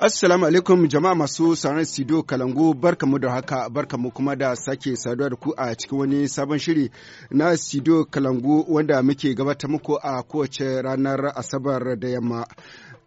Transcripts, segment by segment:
Assalamu alaikum jama'a masu sauran studio Kalangu barkamu da haka barkamu kuma da sake saduwa da ku a cikin wani sabon shiri na studio Kalangu wanda muke gabatar muku a kowace ranar Asabar da yamma.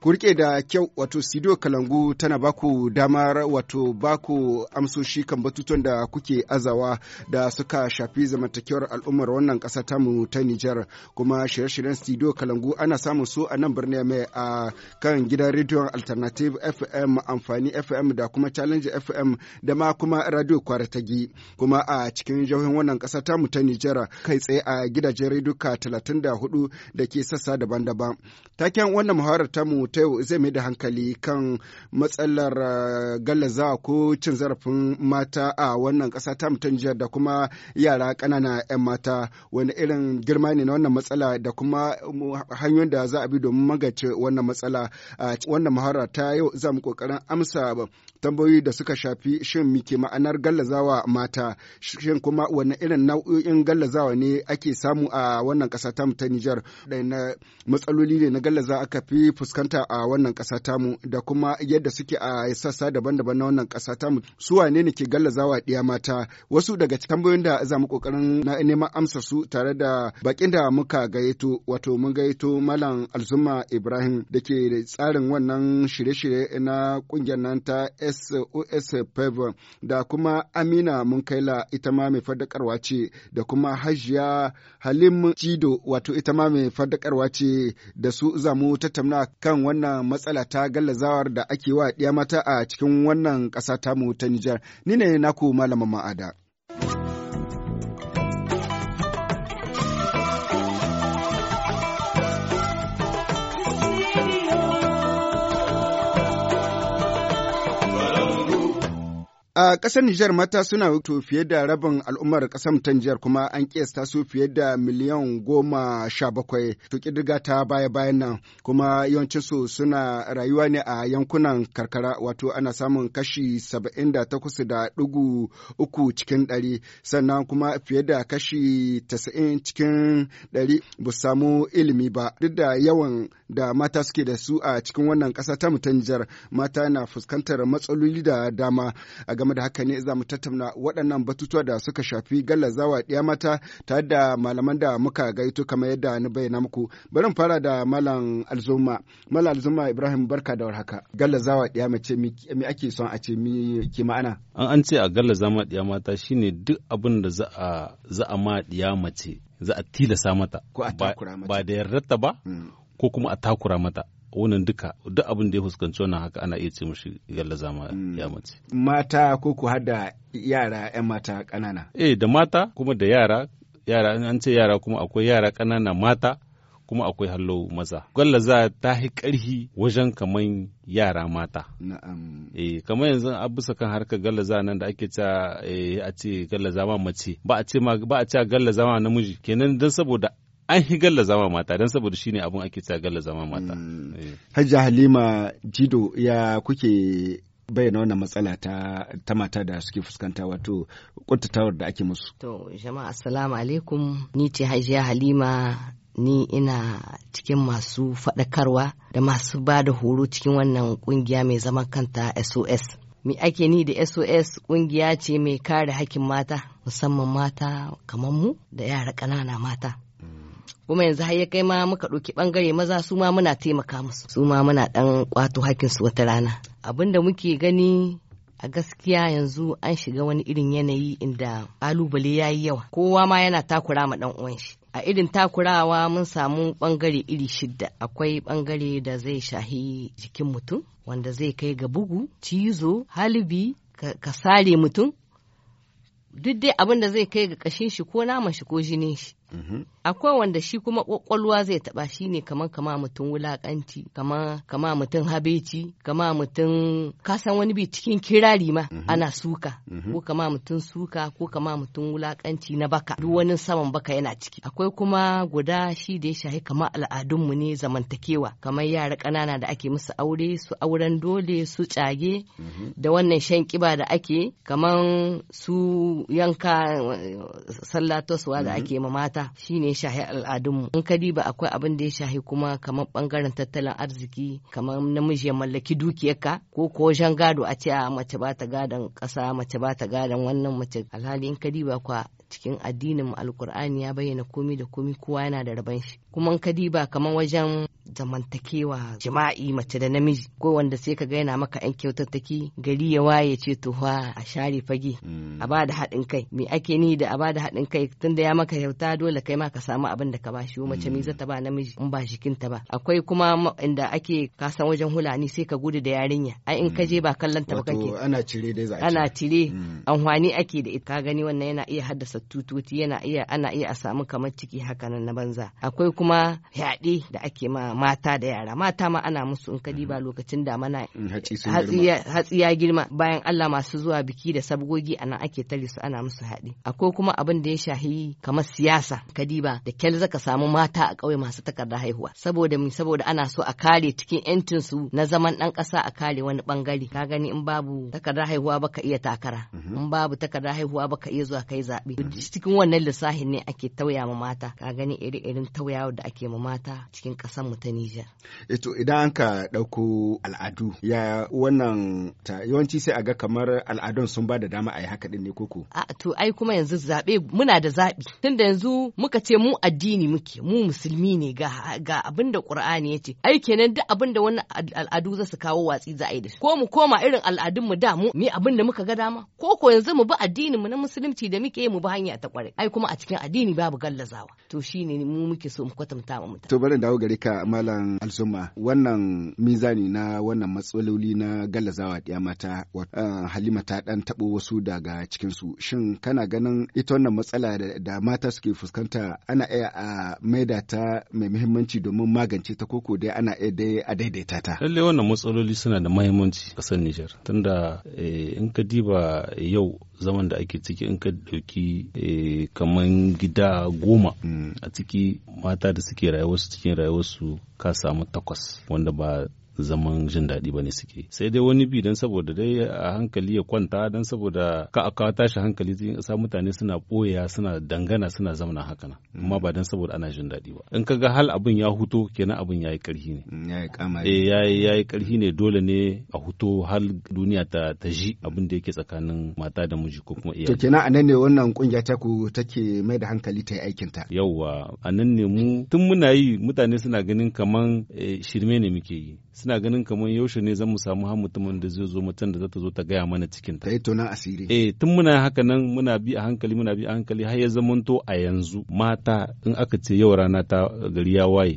ku rike da kyau wato studio kalangu tana baku damar wato baku amsoshi kan batutuwan da kuke azawa da suka shafi zamantakewar al'ummar wannan ƙasa tamu ta Nijar kuma shirye-shiryen studio kalangu ana samun su a nan birnin mai a kan gidan rediyon alternative FM amfani FM da kuma challenge FM da ma kuma radio kwaratagi kuma a cikin jihohin wannan ƙasa tamu ta Nijar kai tsaye a gidajen rediyo 34 da ke sassa daban-daban taken wannan muhawarar tamu ta yau zai mai da hankali kan matsalar eh, gallaza ko cin zarafin mata a wannan ƙasa ta mutum jihar da kuma yara ƙanana 'yan mata wani irin girma ne na wannan matsala da kuma um, hanyoyin da za a bi domin magance wannan matsala wannan muhara ta yau za mu ƙoƙarin amsa tambayoyi da suka shafi shin mike ma'anar gallazawa mata shin kuma wani irin nau'o'in gallazawa ne ake samu a wannan ƙasa tamu ta Nijar da na matsaloli ne na gallaza aka fi fuskanta a wannan ƙasa tamu da kuma yadda suke a sassa daban-daban na wannan ƙasa tamu su wane ne ke gallazawa ɗiya mata wasu daga tambayoyin da za mu ƙoƙarin na neman amsa su tare da baƙin da muka gayyato wato mun gayyato malam alzuma ibrahim da ke tsarin wannan shirye-shirye na ƙungiyar nan ta osfev da kuma amina munkaila ita ma mai fadakarwa ce da kuma hajiya halim cido wato ita ma mai fadakarwa ce da su zamu tattauna kan wannan matsala ta gallazawar da ake wa ɗiya mata a cikin wannan ƙasa tamu ta nijar ni ne naku Malama ma'ada A ƙasar Nijar mata suna wato fiye da rabin al'ummar ƙasar ta Nijar kuma an kiyasta su fiye da miliyan goma sha bakwai to ƙididdiga ta baya bayan nan kuma yawancinsu suna rayuwa ne a yankunan karkara wato ana samun kashi saba'in da takwas da ɗigo uku cikin ɗari sannan kuma fiye da kashi tasa'in cikin ɗari ba samu ilimi ba duk da yawan da mata suke da su a cikin wannan ƙasa ta mu mata na fuskantar matsaloli da dama a game kuma da haka ne za mu tattauna waɗannan batutuwa da suka shafi gallazawa ɗiya mata tare da malaman da muka gaito kamar yadda na bayyana muku. Bari mu fara da Malam Alzuma. Malam Alzuma Ibrahim barka da warhaka. Gallazawa ɗiya mace me ake son a ce mi ke ma'ana? An an ce a gallazawa ɗiya mata shine duk abin da za a za a ma ɗiya mace za a tilasa mata. Ba da yardarta ba mm. ko kuma a takura mata. wannan duka duk abin da ya fuskanci wannan haka ana iya ce mushi gallaza ma mm. ya mace mata ko ku hada yara yan mata kanana eh da mata kuma da yara yara an ce yara kuma akwai yara kanana mata kuma akwai hallo maza gallaza ta yi karhi wajen kaman yara mata na'am eh kamar yanzu a bisa kan harkar gallaza nan da ake ta eh, a ce gallaza ma mace ba a ce ma ba a ce gallaza ma namiji kenan dan saboda an yi galla zama mata don saboda shine abun ake cewa galla zama mata mm. eh. hajja halima jido ya kuke bayyana wannan matsala ta, mata da suke fuskanta wato kuntatawar da ake musu. To jama'a assalamu alaikum ni ce Hajji Halima ni ina cikin masu faɗakarwa da masu ba da horo cikin wannan kungiya mai zaman kanta SOS. Mi ake ni da SOS kungiya ce mai kare hakkin mata musamman mata kamar mu da yara ƙanana mata. kuma yanzu har ya kai ma muka ɗauki ɓangare maza su ma muna taimaka musu su ma muna ɗan ƙwato su wata rana abin da muke gani a gaskiya yanzu an shiga wani irin yanayi inda ƙalubale ya yi yawa kowa ma yana takura ma ɗan uwan shi a irin takurawa mun samu ɓangare iri shidda akwai ɓangare da zai shahi jikin mutum wanda zai kai ga bugu cizo halibi ka sare mutum duk dai abin da zai kai ga kashin shi ko naman shi ko jinin shi mhm. akwai wanda shi kuma kwakwalwa zai taba shi ne kamar kama mutum wulakanci kama mutum habeci kama mutum kasan wani bi cikin kirari ma mhm. ana suka mhm. ko kama mutum suka ko kama mutum wulakanci na baka duk wani saman baka yana ciki akwai kuma guda shi da ya shahi kama al'adunmu ne zamantakewa kamar yara kanana da ake musu aure su auren dole su cage mhm. da wannan shan kiba da ake kamar su yanka eh, sallatoswa da ake ma mata shine ya shahi al'adunmu in ka diba akwai abin da ya shahi kuma kamar bangaren tattalin arziki kamar namiji ya mallaki dukiyarka ko ko gado a ce a mace ba ta gadon kasa mace ba ta gadon wannan mace alhali in ka diba kwa cikin addinin alkur'ani ya bayyana komi da komi kowa yana da raban shi kuma ka diba kamar wajen zamantakewa jima'i mace da namiji ko wanda sai ka ga yana maka yan kyautattaki gari ya waye ce to fa a share fage a ba da haɗin kai me ake ni da a ba da haɗin kai tunda ya maka yauta dole kai ma ka samu abin da ka ba shi mace me zata ba namiji in ba jikinta ba akwai kuma inda ake kasan wajen hulani sai ka gudu da yarinya ai in ka je ba kallon ba kake ana cire dai za ana cire mm. An hwani ake da ita gani wannan yana iya haddasa tutoti yana iya ana iya a samu kamar ciki haka nan na banza akwai kuma yaɗe da ake ma mata da yara mata ma ana musu in ka mm-hmm. diba lokacin damana mm, hatsi ya girma bayan Allah masu zuwa biki da sabgogi ana ake tare su ana musu haɗe akwai kuma abin da ya shahi kamar siyasa kadiba da kyal zaka samu mata a ƙauye masu takarda haihuwa saboda mi saboda ana so a kare cikin yancin su na zaman ɗan ƙasa a kare wani bangare ka gani in babu takarda haihuwa baka iya takara mm-hmm. in babu takarda haihuwa baka iya zuwa kai zaɓe cikin wannan lissahin ne ake tauya ma mata ka gani iri-irin tauyawa da ake ma mata cikin ƙasar mu ta Nijar. Eto eh idan an ka ɗauko al'adu ya wannan ta, yawanci sai a ga kamar al'adun sun ba da dama a yi haka ɗin ne koko. A to ai kuma yanzu zaɓe muna da zaɓi tunda yanzu muka ce mu addini muke mu musulmi ne ga ga abin da Qur'ani ya ce ai kenan duk abin da wannan al'adu za su kawo watsi za a yi da ko mu koma irin al'adun mu da mu ni abin da muka ga dama ko yanzu mu bi addinin mu na musulunci da muke mu bi hanya ta kware ai kuma a cikin addini babu gallazawa to shine mu muke so mu kwatanta wa ta. to bari dawo gare ka malam alzuma wannan mizani na wannan matsaloli na gallazawa ya mata halima ta dan tabo wasu daga cikin su shin kana ganin ita wannan matsala da mata suke fuskanta ana iya a maida ta mai muhimmanci domin magance ta koko dai ana iya dai a daidaita ta lalle wannan matsaloli suna da muhimmanci San Nijar tunda eh, in ka diba yau zaman da ake ciki in ka dauki Eh, kamar gida goma mm. a ciki mata da suke rayuwarsu cikin rayuwarsu ka samu takwas wanda ba zaman jin daɗi ba ne suke sai dai wani bi dan saboda dai a hankali ya kwanta dan saboda ka aka tashi hankali zai sa mutane suna boya suna dangana suna zamana haka na mm. amma ba dan saboda ana jin daɗi ba in ga hal abin ya huto kenan abin yi karhi ne ya yi karhi mm, eh, ne dole ne a huto hal duniya ta ta ji abin da yake tsakanin mata da miji ko kuma iyali to kenan anan ne wannan kungiya ta ku take mai da hankali ta yi aikin ta yawwa anan ne mu tun muna yi mutane suna ganin kaman eh, shirme ne muke yi suna ina ganin kamar yaushe ne zan mu samu har mutumin da zai zo mutum da zata zo ta gaya mana cikin ta. Eh, ta na asiri. Eh tun muna haka nan muna bi a hankali muna bi a hankali har ya zamanto a yanzu mata in aka ce yau rana ta gari ya waye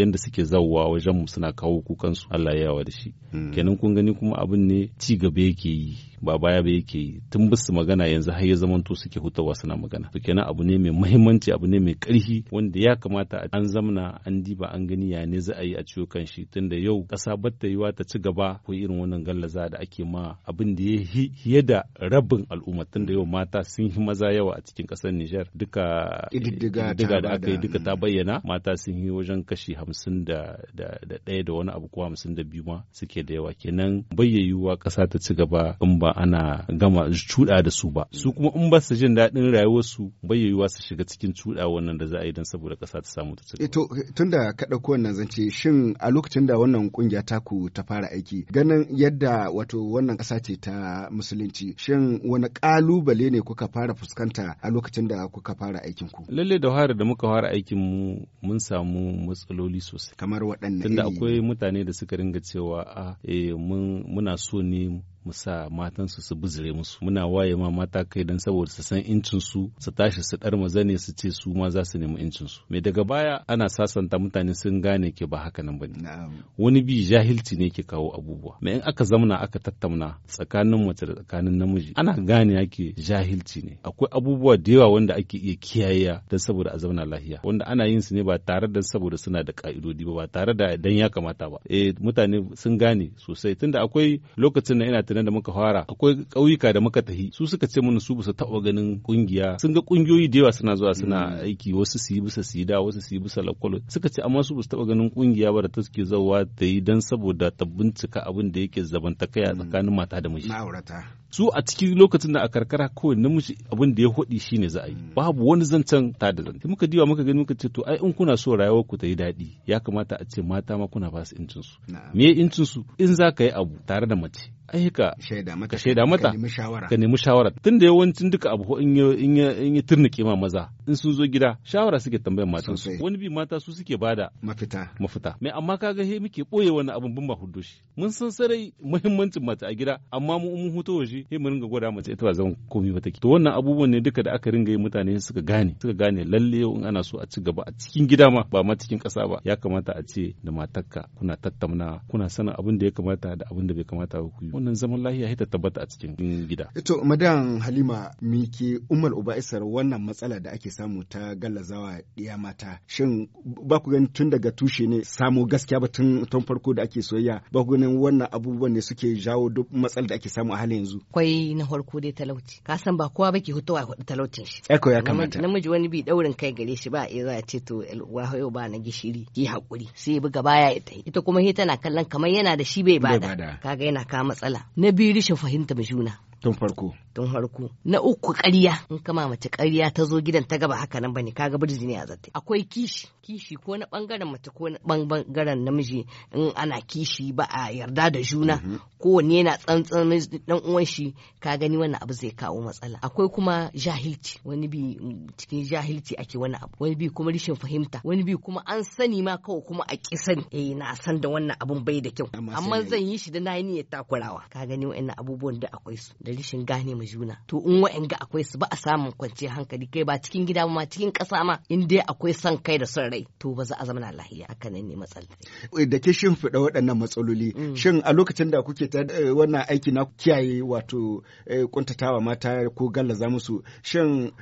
yanda suke zawwa wajen mu suna kawo kukan su Allah ya yawa da shi. Hmm. Kenan kun gani kuma abin ne ci gaba yake yi ba baya ba yake yi tun bisu magana yanzu har ya zamanto suke hutawa suna magana. To kenan abu ne mai muhimmanci abu ne mai karfi wanda ya kamata an zamna an diba an gani ya ne za a yi a ciwo kan shi tunda yau ƙasa ba ta yiwa ta ci gaba ko irin wannan gallaza da ake ma abin da ya Fiye da rabin al'umma tun da yau mata sun yi maza yawa a cikin ƙasar Nijar duka eh, diga da aka yi duka ta bayyana mata sun yi wajen kashi hamsin da ɗaya da wani abu ko hamsin da biyu ma suke da yawa kenan bayyayiwa ƙasa ta ci gaba in ba ana gama cuɗa da su ba su kuma in ba su jin daɗin rayuwarsu bayyayiwa su shiga cikin cuɗa wannan da za a yi don saboda ƙasa ta samu ta ci gaba. Eh tunda ka ɗauko wannan zance shin a lokacin da wannan ƙungiyata kungiya taku ta fara aiki ganin yadda wato wannan ƙasa ce ta musulunci shin wani ƙalubale ne kuka fara fuskanta a lokacin da kuka fara aikin ku lalle da fara da muka fara aikin mu mun samu matsaloli sosai kamar waɗannan tunda akwai mutane da suka ringa cewa a ah, eh, mun muna so ne mu sa matansu su buzure musu muna waye ma mata kai dan saboda su san incin su su tashi su dar mazane su ce su ma za su nemi incin su me daga baya ana sasanta mutane sun gane ke ba haka nan bane wani bi jahilci ne ke kawo abubuwa me in aka zamna aka tattauna tsakanin mace da tsakanin namiji ana gane yake jahilci ne akwai abubuwa da yawa wanda ake iya kiyayya dan saboda a zauna lafiya wanda ana yin su ne ba tare da saboda suna da ka'idodi ba ba tare da dan ya kamata ba eh mutane sun gane sosai tunda akwai lokacin da ina tunan da muka fara akwai ƙauyuka da muka tahi su suka ce mana su bisa taɓa ganin ƙungiya sun ga ƙungiyoyi da yawa suna zuwa suna mm. aiki wasu su yi bisa sida wasu su yi bisa lakwalo suka ce amma su bisa taɓa ganin ƙungiya ba da ta suke zauwa ta yi don saboda ta bincika abin da yake zabantakaya mm. tsakanin mata da miji. su a cikin lokacin da a karkara kawai namiji abin da ya hoɗi shi ne za a yi hmm. babu wani zancen ta da zanta muka diwa muka gani muka ce to ai in kuna so rayuwar ku ta yi daɗi ya kamata a ce mata ma kuna ba su incin su me incin su in za ka yi abu tare da mace ai ka ka shaida mata ka nemi shawara tun da yawancin duka abu in ya in ya in ma maza in sun zo gida shawara suke tambayar matan su wani bi mata su suke bada mafita mafita me amma kaga he muke boye wani abun bin ba huddo mun san sarai muhimmancin mata a gida amma mu mun huto waje wuri sai mu ringa gwada mace ita ba zaman komai ba take to wannan abubuwan ne duka da aka ringa yi mutane suka gane suka gane lalle in ana so a ci gaba a cikin gida ma ba ma cikin ƙasa ba ya kamata a ce da matarka kuna tattauna kuna sanin abin da ya kamata da abin da bai kamata ba ku yi wannan zaman lafiya ya tabbata a cikin gida eh to madan halima me ke umar uba isar wannan matsala da ake samu ta gallazawa ɗiya mata shin ba ku gani tun daga tushe ne samu gaskiya ba tun farko da ake soyayya ba ku ganin wannan abubuwan ne suke jawo duk matsalar da ake samu a halin yanzu akwai na farko dai talauci ka san ba kowa bake hutuwa hudu talaucin shi eko ya kamata namiji wani bi daurin kai gare shi ba a a ce to wa yau ba na gishiri ki hakuri sai buga baya ita ita kuma he tana kallon kamar yana da shi bai bada kaga yana ka matsala na biyu rishin fahimtar juna tun farko tun harko na uku ƙarya in kama mace ƙarya ta zo gidan ta gaba haka nan bane kaga birji ne a zata akwai kishi kishi ko na bangaren mace ko na bangaren namiji in ana kishi ba a yarda da juna mm-hmm. kowanne yana tsantsan dan uwan shi ka gani wannan abu zai kawo matsala akwai kuma jahilci wani bi cikin jahilci ake wani abu wani bi kuma rishin fahimta wani bi kuma an sani ma kawai kuma a ƙi sani eh na san da wannan abun bai da kyau amma zan yi shi da na yi niyyar takurawa ka gani wa'annan abubuwan da akwai su da rishin gane mu juna to in ga akwai su ba a samun kwanciyar hankali kai ba cikin gida ma cikin ƙasa ma in dai akwai son kai da son rai to ba za a zama lahiya a nan ne matsala eh, da ke shin fida waɗannan matsaloli mm. shin a lokacin da kuke ta eh, wannan aiki na kiyaye wato kuntatawa eh, mata ko gallaza musu shin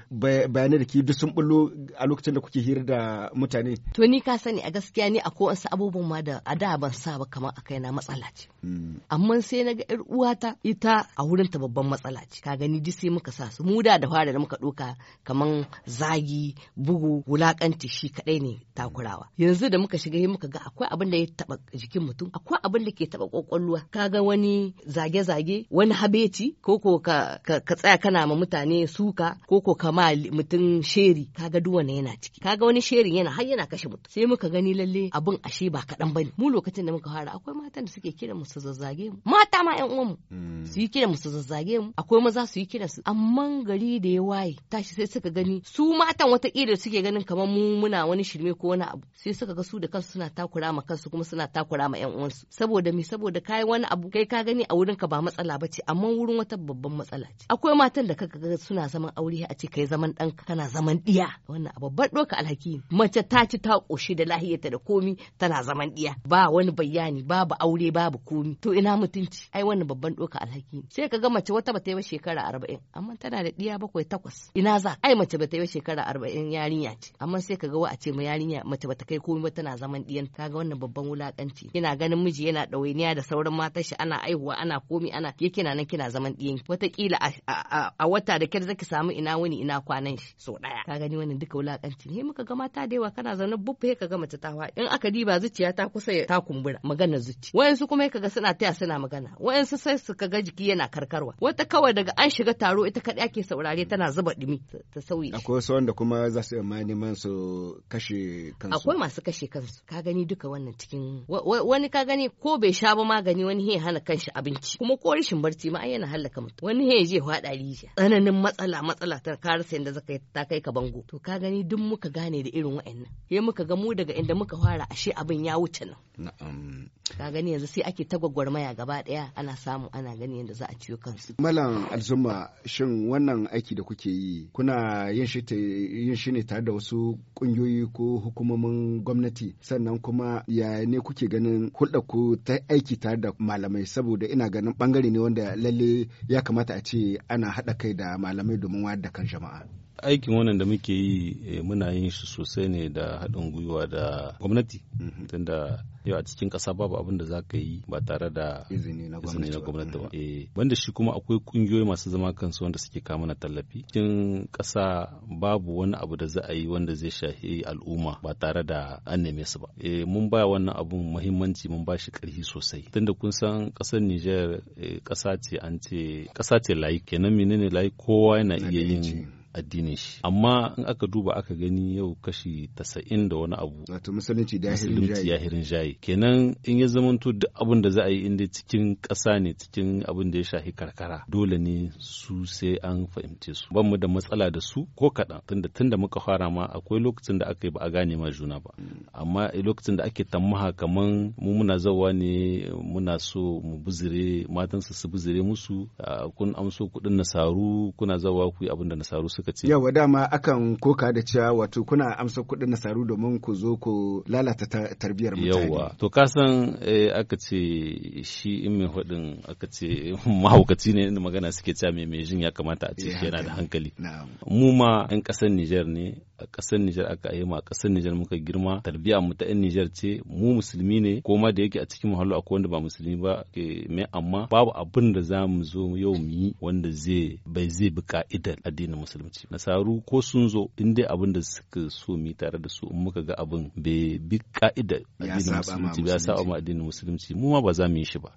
bayanai da ke dusun sun bullo a lokacin da kuke hira da mutane to ni ka sani a gaskiya ni a wasu abubuwan ma da a da ban sa ba kamar a kaina matsala ce mm. amma sai na ga yar ita a wurinta babban matsala ce ka gani duk sai muka sa su mu da da fara da muka doka kaman zagi bugu wulakanci shi kadai ne takurawa yanzu da muka shiga muka ga akwai abin da ya taba jikin mutum akwai abin da ke taba kwakwalwa ga wani zage-zage wani habeci ko ko ka tsaya kana ma mutane suka ko ko ka ma mutum sheri ga duk wannan yana ciki ka ga wani sherin yana har yana kashe mutum sai muka gani lalle abin ashe ba kadan bane mu lokacin da muka fara akwai matan da suke kira mu su zazzage mu mata ma yan uwan mu hmm. su yi kira mu su zazzage mu akwai maza za su yi kiransu amma gari da ya waye tashi sai suka gani su matan wata da suke ganin kamar mu muna wani shirme ko wani abu sai suka ga su da kansu suna takura ma kansu kuma suna takura ma yan uwansu saboda me saboda kai wani abu kai ka gani a wurin ka ba matsala bace amma wurin wata babban matsala ce akwai matan da kaga ga suna zaman aure a ce kai zaman dan kana zaman diya wannan abu babban doka alhaki mace ta ci ta koshi da lahiyarta da komi tana zaman diya ba wani bayani babu aure babu komi to ina mutunci ai wannan babban doka alhaki sai kaga mace wata bata yi ba shekara shekara arba'in amma tana da ɗiya bakwai takwas ina za ai mace bata yi shekara arba'in yarinya ce amma sai ka ga wa a ce ma yarinya mace bata kai komai ba tana zaman ɗiyan kaga wannan babban wulakanci kina ganin miji yana ɗawainiya da sauran matan shi ana aihuwa ana komi ana ke kina nan kina zaman ɗiyan wataƙila a wata da kyar zaki samu ina wuni ina kwanan shi so ɗaya ka gani wannan duka wulakanci ne muka ga mata da yawa kana zaune buffa ka ga mace ta in aka diba zuciya ta kusa ta kumbura magana zuci wayansu kuma ka ga suna taya suna magana wayansu sai su ka ga jiki yana karkarwa wata kawai daga an shiga taro ita kaɗai ake saurare tana zuba ɗumi ta sauyi akwai wasu wanda kuma za su ma neman su kashe kansu akwai masu kashe kansu ka gani duka wannan cikin wani ka gani ko bai sha ba magani wani ya hana kanshi abinci kuma ko rashin barci ma yana hallaka mutum wani ya je faɗa rijiya tsananin matsala matsala ta ka rasa yadda zaka ta kai ka bango to ka gani duk muka gane da irin wa'annan he muka ga mu daga inda muka fara ashe abin ya wuce nan ka gani yanzu sai ake ta gwagwarmaya gaba daya ana samu ana gani yadda za a ciyo kansu malam zuma shin wannan aiki da kuke yi kuna yin shi ne tare da wasu kungiyoyi ko hukumomin gwamnati sannan kuma ya ne kuke ganin hulɗa ku ta aiki tare da malamai saboda ina ganin bangare ne wanda lalle ya kamata a ce ana haɗa kai da malamai domin wayar da kan jama'a. aikin wannan da muke yi eh, muna yin shi sosai ne da haɗin gwiwa da gwamnati mm-hmm. tunda yau a cikin ƙasa babu abin da za ka yi ba tare da izini na gwamnati ba banda mm-hmm. eh, shi kuma akwai ƙungiyoyi masu zama kansu wanda suke kama na tallafi cikin ƙasa babu wani abu da za a yi wanda zai shafi al'umma ba tare da an neme su ba eh, mun ba wannan abun muhimmanci mun ba shi ƙarfi sosai tunda kun san ƙasar Nijar ƙasa ce an ce ƙasa ce layi kenan menene layi kowa yana iya yin addinin shi amma in aka duba aka gani yau kashi tasa'in da wani abu wato musulunci da yahirin jayi kenan in ya zamanto duk abin da za a yi inda cikin ƙasa ne cikin abin da ya shahi karkara dole ne su sai an fahimce su ban mu da matsala da su ko kaɗan tunda tunda muka fara ma akwai lokacin da aka yi ba a gane ma juna ba mm. amma lokacin da ake tammaha kaman mu muna zawa ne muna so mu buzure matansa su buzure musu kun amso kuɗin nasaru kuna zawa ku yi abin da nasaru suka lokaci yawa dama akan koka da cewa wato kuna amsa kuɗin nasaru domin ku zo ku lalata tarbiyar mutane yawa to ka san eh, aka ce shi in mai hudin aka ce mahaukaci ne inda magana suke cewa mai mai jin ya kamata a ce eh, yana da hankali mu ma 'yan ƙasar Nijar ne a ƙasar Nijar aka yi ma a ƙasar Nijar muka girma tarbiyya mu ta 'yan Nijar ce mu musulmi ne ko ma da yake a cikin muhallu akwai wanda ba musulmi ba mai amma babu abin da za mu zo yau mu yi wanda zai bai zai bi ka'idar addinin musulunci ci nasaru ko sun zo in dai abin da suka so mi tare da su in muka ga abin bai bi ka'ida addinin musulunci ya saba ma addinin musulunci mu ma ba za mu yi shi ba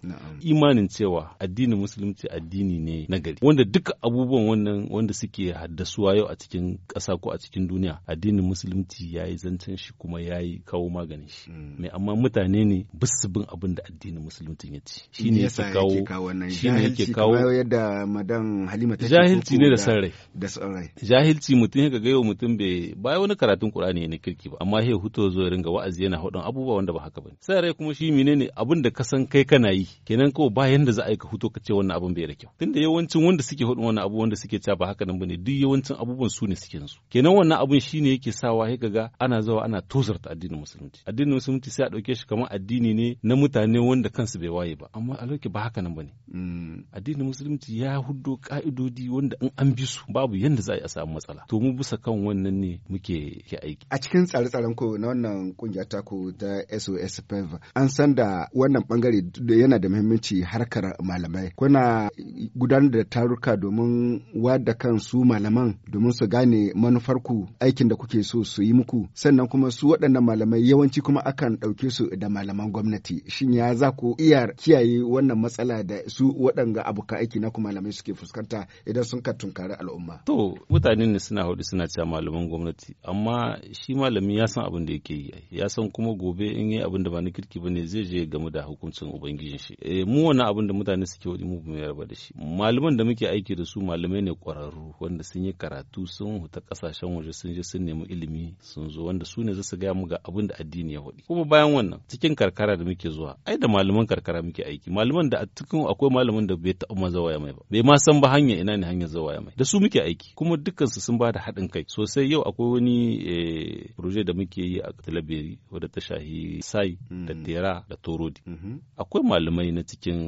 imanin cewa addinin musulunci addini ne na gari wanda duka abubuwan wannan wanda suke haddasuwa yau a cikin ƙasa ko a cikin duniya addinin musulunci ya yi zancen shi kuma ya yi kawo maganin shi mm. mai amma mutane ne bisu bin abin da addinin musulunci ya ci. shi ne yake kawo shi ne yake kawo yadda madan halima ta jahilci ne da san rai da san jahilci mutum ga gaiwa mutum bai bai wani karatun Kur'ani ne kirki ba amma sai huto zo ringa wa'azi yana hudun abubuwa wanda ba haka bane sai rai kuma shi menene abin da ka san kai kana yi kenan ko ba yanda za a yi ka huto ka ce wannan abin bai da kyau tunda yawancin wanda suke hudun wannan abu wanda suke cewa ba haka nan bane duk yawancin abubuwan su ne suke su kenan wannan abin shine yake sawa sai ga ana zawa ana tozarta addinin musulunci addinin musulunci sai a dauke shi kamar addini ne na mutane wanda kansu bai waye ba amma a ba haka nan bane mm. addinin musulunci ya huddo ka'idodi wanda in an bi su babu yanda za a samu matsala to mu bisa kan wannan ne muke ke aiki a cikin tsare-tsaren ku na wannan kungiya ta ku ta SOS PEV an san da wannan bangare yana da muhimmanci harkar malamai kuna gudanar da taruka domin wada kan su malaman domin su gane manufar ku. aikin da kuke so su yi muku sannan kuma su waɗannan malamai yawanci kuma akan ɗauke su da malaman gwamnati shin ya za ku iya kiyaye wannan matsala da su waɗanga abokan aiki na ku malamai suke fuskanta idan sun ka tunkari al'umma. To mutane ne suna hudu suna cewa malaman gwamnati amma shi malami ya san abin da yake yi ya san kuma gobe in yi abin da ba na kirki ba ne zai je game da hukuncin ubangijin shi e, mu wannan abin da mutane suke wadi mu mu yarba da shi malaman da muke aiki da su malamai ne kwararru wanda sun yi karatu sun huta kasashen waje sun je sun nemi ilimi sun zo wanda su ne zasu gaya mu ga abin da addini ya wadi kuma bayan wannan cikin karkara da muke zuwa ai da malaman karkara muke aiki malaman da a cikin akwai malamin da bai taɓa ma zawaya mai ba bai ma san ba hanya ina ne hanyar zawaya mai da su muke aiki kuma kuma su sun ba da haɗin kai sosai yau akwai wani eh, proje da muke yi a talabiri wadda ta shahi sai hmm. da tera da torodi mhm. akwai malamai na cikin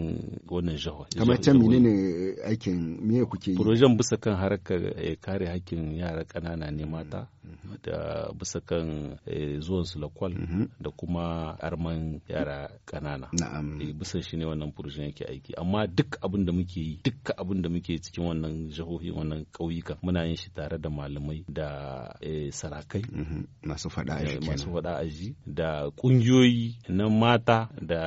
wannan jihar kamar can ne aikin me kuke yi projen bisa kan harkar eh, kare hakkin yara ƙanana ne mata hmm. Hmm. da bisa kan eh, zuwan su lakwal mhm. da kuma arman yara ƙanana bisa shi ne wannan projen yake aiki amma duk abin da muke yi duk abin da muke cikin wannan jihohi wannan ƙauyukan muna yin shi tare da malamai da eh, sarakai mm-hmm. masu faɗa aji eh, masu da ƙungiyoyi na mata da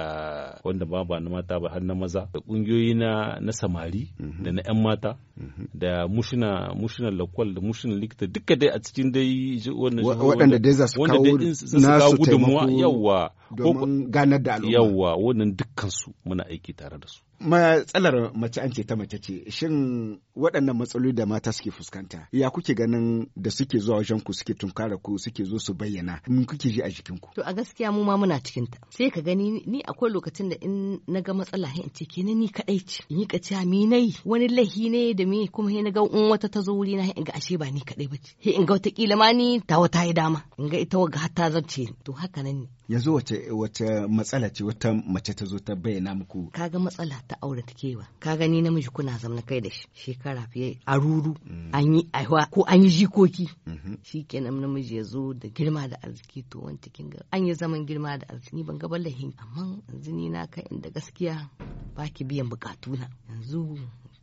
wanda ba ba na mata ba har na maza da ƙungiyoyi na na samari mm-hmm. da na 'yan mata mm-hmm. da mushina mushina lakwal da mushina likita duka dai a cikin dai wannan waɗanda dai za su kawo nasu taimako yawa yawwa ganar da al'umma yawa wannan dukkan su muna aiki tare da su matsalar mace an ce ta mace ce shin waɗannan matsaloli da mata suke fuskanta ya kuke ganin da suke zuwa wajen ku suke tunkara ku suke zo su bayyana mun kuke ji a jikin ku to a gaskiya mu ma muna cikin ta sai ka gani ni akwai lokacin da in na ga matsala in ce ke ni kadai ce ni ka ce mi nayi wani lahi ne da me kuma he na ga in wata ta zo wuri na in ga ashe ba ni kadai bace he in ga wata kila ma ni ta wata yi dama in ga ita ga hatta zan ce to haka nan ne yanzu wace wace matsala ce wata mace ta zo ta bayyana muku kaga matsala ta kewa ka gani namiji kuna zamna kai da shi shekara fiye a ruru an yi aihuwa ko an yi jikoki mhm. shi kenan namiji ya zo da girma da arziki to wanda kin ga an yi zaman girma da arziki ban ga ballahin amma yanzu ni na kai inda gaskiya baki biyan bukatuna yanzu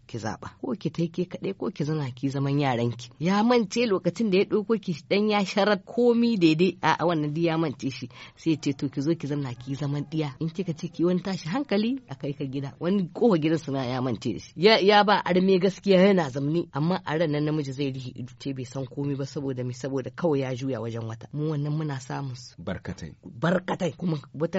ki zaba ko ki tai ke kaɗai ko ki zana ki zaman yaran ki. ya mance lokacin da ya ɗauko ki dan ya sharar komi daidai a wannan duk ya mance shi sai ce to ki zo ki zana ki zaman ɗiya in kika ce ki wani tashi hankali a kai ka gida wani kowa gidan suna ya mance shi ya ba arme gaskiya yana zamani. amma a ran nan namiji zai rihi ido ce bai san komi ba saboda mi saboda kawai ya juya wajen wata mu wannan muna samun barkatai barkatai kuma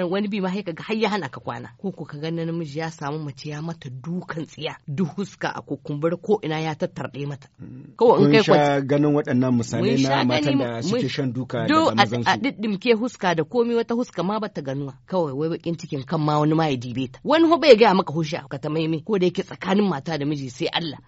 wani bi ma sai kaga har ya hana ka kwana ko ko kaga namiji ya samu mace ya mata dukan tsiya duhus fuska a kukumbura ko ina ya tattarɗe mata. Mm. Kawai in kai sha ganin waɗannan misalai na matan da suke shan duka da mazan su. a ɗiɗɗimke huska da komi wata huska ma bata ganuwa. Kawai wai bakin cikin kan ma wani ma ya dibe ta. Wani ho bai gaya maka husha ka ta maimai ko da yake tsakanin mata da miji sai Allah.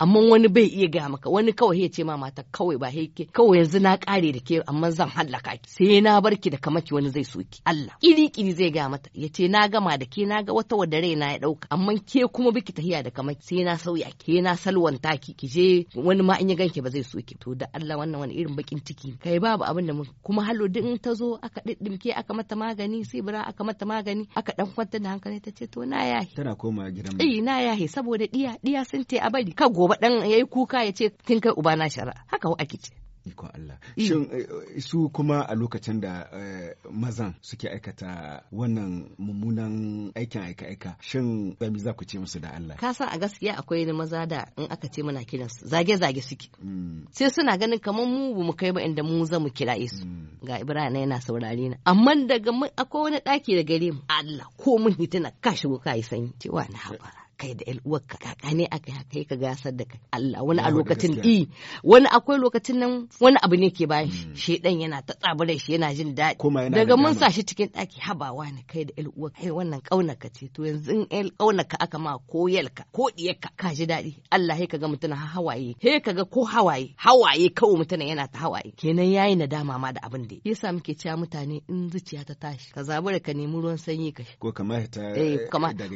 Amma wani bai iya gaya maka wani kawai ya ce ma mata kawai ba ke kawai yanzu na ƙare da ke amma zan hallaka ki sai na bar ki da kamaki wani zai ki. Allah. Kiri kiri zai gaya mata ya ce na gama da ke na ga wata wadda raina ya ɗauka amma ke kuma biki tahiya da kamaki sai na na sauya ke na salwan ki ki je wani ma in ya ganke ba zai so ki to da Allah wannan wani irin bakin ciki kai babu abin da kuma halo din ta zo aka diddimke aka mata magani sibira aka mata magani aka dan kwantar da hankali ta ce to na yahi tana koma gidan eh na yahi saboda diya diya sun te a bari ka gobe dan yayi kuka ya ce kin kai uba na shara haka wa ake ce Ikon Allah. Shin eh, eh, su kuma a lokacin da eh, mazan suke aikata wannan mummunan aikin aika-aika shin zami za ku ce musu da Allah. Ka a gaskiya akwai ni maza da in aka ce mana kiran su zage-zage suke. Hmm. Sai suna ganin kamar mu mu kai ba inda mu za kira isu. Hmm. Ga Ibrahim yana saurare na. Amma daga akwai wani ɗaki da gare mu Allah ko mun hitina ka shigo ka yi sanyi cewa na habara. kai da uwarka kaka ne aka kai ka gasar da kai Allah wani a lokacin i wani akwai lokacin nan wani abu ne ke bayan shi hmm. dan yana ta tsabarai shi yana jin daɗi daga mun sa shi cikin ɗaki habawa ne kai da uwa kai wannan kaunaka ce to yanzu in kaunaka aka ma ko yalka ko diyarka ka ji daɗi Allah he kaga mutum hawaye he kaga ko hawaye hawaye kawo mutuna yana ta hawaye kenan yayi nadama ma da abin da yasa muke cewa mutane in zuciya ta tashi ka zabura ka nemi ruwan sanyi ka ko kamar ta eh,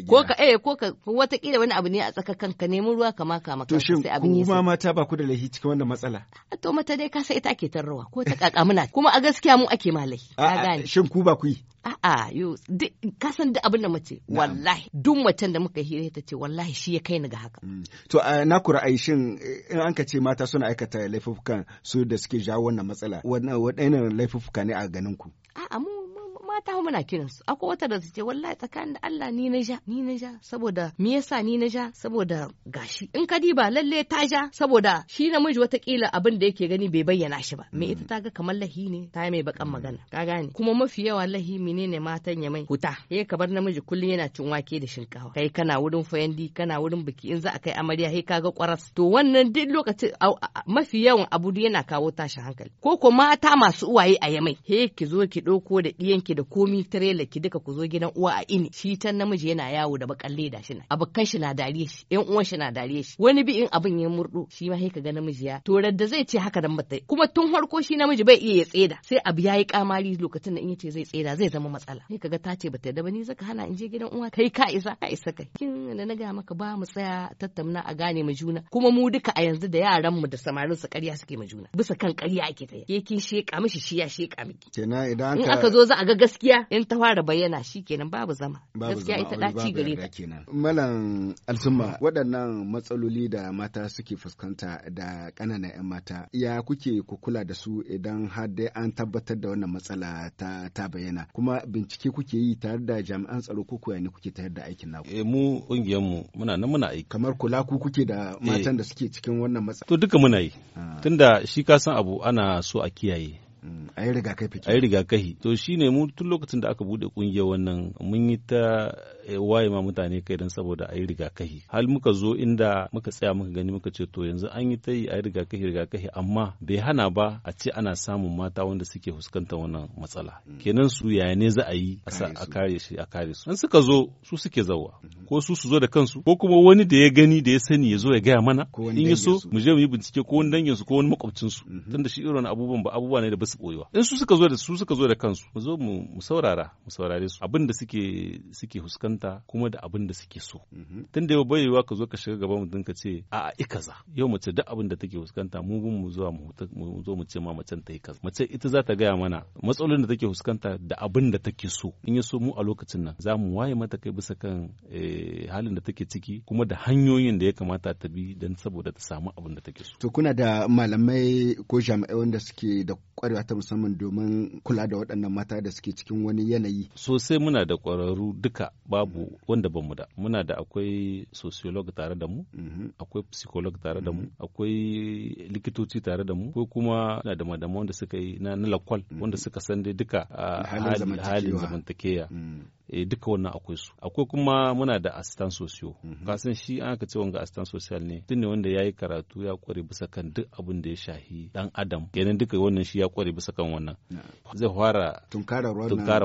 ko ka eh ko ka watakila wani abu ne a tsaka kanka neman ruwa kama kama to shin kuma mata ba ku da lahi cikin wannan matsala to mata dai ka sai ita ke tarrawa ko ta kaka muna kuma a gaskiya mu ake malai ka gane shin ku ba ku yi a'a yo ka san duk abin da mace wallahi duk macen da muka hira ta ce wallahi shi ya kai ni ga haka mm. to na ku ra'ayi shin eh, in an ka ce mata suna aikata laifukan su da suke jawo wannan matsala wannan wadannan laifuka ne a ganin ku a'a mu mata muna kiran su akwai wata da su ce wallahi tsakanin da Allah ni na ja ni na ja saboda me yasa ni na ja saboda gashi in ka diba lalle ta ja saboda shi namiji watakila abin da yake gani bai bayyana shi ba me hmm. ita ta ga kamar lahi ne ta mai bakan hmm. magana ka gane kuma mafi yawa lahi menene matan ya mai huta he bar namiji kullun yana cin wake da shinkawa kai kana wurin fayandi kana wurin biki in za a kai amarya he kaga kwaras to wannan duk lokacin mafi yawan abu yana kawo tashin hankali ko ko mata masu uwaye a yamai he ki zo ki doko da ɗiyanki da komi tirela ki duka ku zo gidan uwa a ini shi tan namiji yana yawo da bakan da shi na abokan shi na dariye shi yan uwan shi na dariye shi wani bi in abin ya murdo shi ma sai ka ga namiji ya to da zai ce haka dan mutai kuma tun harko shi namiji bai iya ya tseda sai abu yayi kamari lokacin da in yace zai tseda zai zama matsala sai kaga ta ce bata da ba ni zaka hana in je gidan uwa kai ka isa ka isa kai kin da na ga maka ba mu tsaya tattauna a gane mu juna kuma mu duka a yanzu da yaran mu da samarin su ƙarya suke mu juna bisa kan ƙarya ake ta ke kin sheka mishi shi ya sheka miki kenan idan aka zo za a ga gas gaskiya in ta fara bayyana kenan babu zama gaskiya ita ɗaci gare ta malam alsumma mm. waɗannan matsaloli da mata suke fuskanta da ƙananan 'yan mata ya kuke ku kula da su idan har dai an tabbatar da wannan matsala ta ta bayyana kuma bincike kuke yi tare da jami'an tsaro ko kuwa ne kuke tayar da aikin naku eh mu ƙungiyar mu muna nan muna aiki kamar kula ku kuke da eh. matan da suke cikin wannan matsala to duka muna yi ah. tunda shi ka san abu ana so a kiyaye Mm, a yi rigakafi a yi rigakafi to shine mu tun lokacin da aka bude kungiyar wannan mun yi ta Eh, waye ma mutane kai don saboda a yi rigakafi hal muka zo inda muka tsaya muka gani muka ce to yanzu an yi ta yi a yi rigakafi rigakafi amma bai hana ba a ce ana samun mata wanda suke fuskantar wannan matsala mm. kenan su yaya ne za a yi a kare shi a kare su in suka zo su suke zawa mm-hmm. ko su su zo da kansu ko kuma wani da ya gani da ya sani ya zo ya gaya mana in ya so mu je mu yi bincike ko wani dangin su ko wani makwabcin su mm-hmm. tunda shi irin abubuwan ba abubuwa ne da basu boyewa in su suka zo da su suka zo da kansu mu zo mu saurara mu saurare su abin da suke suke fuskanta kuma da abin da suke so mhm. tun da bai yiwuwa ka zo ka shiga gaba mutum ka ce a a kaza yau mace duk abin da take fuskanta mu bin mu zuwa mu zo mu ce ma macen ta yi kaza mace ita za ta gaya mana matsalolin da take fuskanta da abin da take so in ya so mu a lokacin nan za mu waye mata kai bisa kan eh, halin da take ciki kuma da hanyoyin da ya kamata ta bi don saboda ta samu abin da take so to kuna da malamai ko jami'ai wanda suke da kwarewa ta musamman domin kula da waɗannan mata da suke cikin wani yanayi sosai muna da kwararru duka babu babu wanda bamu da muna da akwai sociolog tare da mu mhm. akwai psycholog tare da mu mhm. akwai likitoci tare da mu ko kuma na da madama wanda suka yi na lakwal mhm. wanda suka san dai duka ah, halin zamantakewa e, duka wannan akwai su akwai kuma muna da assistant socio mhm. kasan shi an aka ce wanga assistant social ne tun ne wanda ya yi karatu ya kware bisa kan duk abin da ya shahi dan adam kenan duka wannan shi ya kware bisa kan wannan zai fara tunkara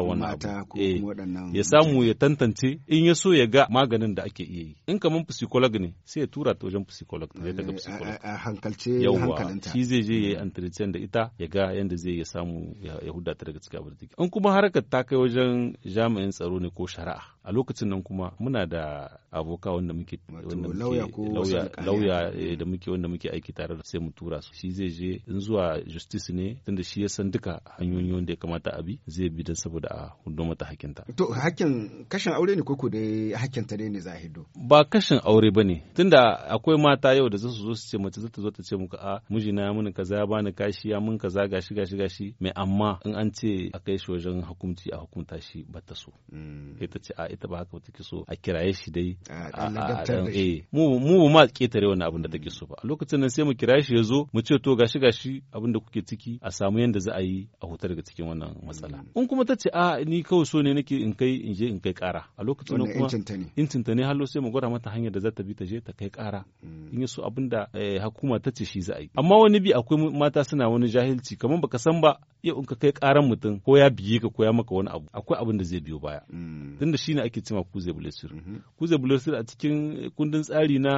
wannan mata ko eh, waɗannan ya samu ya tantance in ya so ya ga maganin da ake iya yi in kaman psycholog ne sai ya tura ta wajen psycholog ta zai daga eh, psycholog a hankalce hankalinta shi zai je ya yi mm. entretien da ita ya ga yanda zai ya samu ya huda ta daga cikin abin da in kuma harkar ta kai wajen jami'in tsaro t s n i ko shari'a a lokacin nan kuma muna da aboka wanda muke lauya eh, da muke wanda muke aiki tare da sai mu tura su shi zai je in zuwa justice ne tunda shi ya san duka hanyoyi wanda ya kamata a bi zai bi don saboda a hudu mata hakinta to hakin kashin aure ne koko dai hakin ta ne zahido ba kashin aure bane tunda akwai mata yau da zasu zo su ce mace zata zo ta ce muka a mijina ya mun kaza ya bani kashi ya mun kaza gashi gashi gashi mai amma in an ce a kai shi wajen hukunci a hukunta shi ba ta so mm. sai ta ce a ita ba haka take so a kiraye shi dai eh, mu mu ma ketare wannan abin da take so ba a lokacin nan sai mu kiraye shi ya zo mu ce to gashi gashi abin da kuke ciki a samu yanda za a yi a hutar daga cikin wannan matsala mm. in kuma ta ce a ni kawai so ne nake in kai in je in kai kara a lokacin nan kuma in cinta ne hallo sai mu gwada mata hanyar da za ta bi ta je ta kai kara mm. in yi so abin da eh, hukuma ta ce shi za a yi amma wani bi akwai mata suna wani jahilci kamar baka san ba yau in ka kai karan mutum ko ya biye ka ko ya maka wani abu akwai abin da zai biyo baya mm. tunda shine ake cewa kuze blessure mm-hmm. kuze bulesir a cikin kundin tsari na